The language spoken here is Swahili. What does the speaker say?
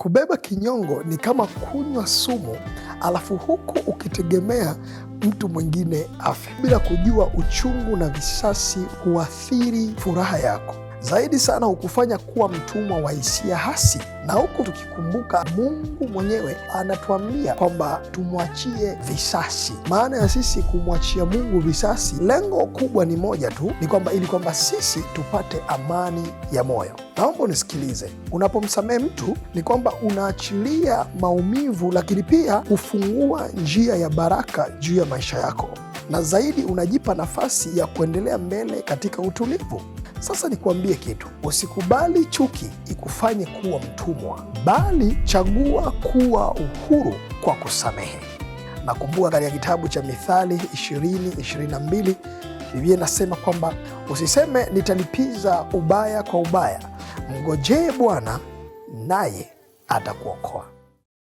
Kubeba kinyongo ni kama kunywa sumu alafu huku ukitegemea mtu mwingine afe. Bila kujua uchungu na visasi huathiri furaha yako zaidi sana hukufanya kuwa mtumwa wa hisia hasi, na huku tukikumbuka Mungu mwenyewe anatuambia kwamba tumwachie visasi. Maana ya sisi kumwachia Mungu visasi, lengo kubwa ni moja tu, ni kwamba ili kwamba sisi tupate amani ya moyo. Naomba unisikilize, unapomsamehe mtu ni kwamba unaachilia maumivu, lakini pia hufungua njia ya baraka juu ya maisha yako, na zaidi unajipa nafasi ya kuendelea mbele katika utulivu. Sasa nikuambie kitu, usikubali chuki ikufanye kuwa mtumwa, bali chagua kuwa uhuru kwa kusamehe. Nakumbuka katika kitabu cha Mithali 20:22 Biblia inasema kwamba usiseme nitalipiza ubaya kwa ubaya, mngojee Bwana naye atakuokoa.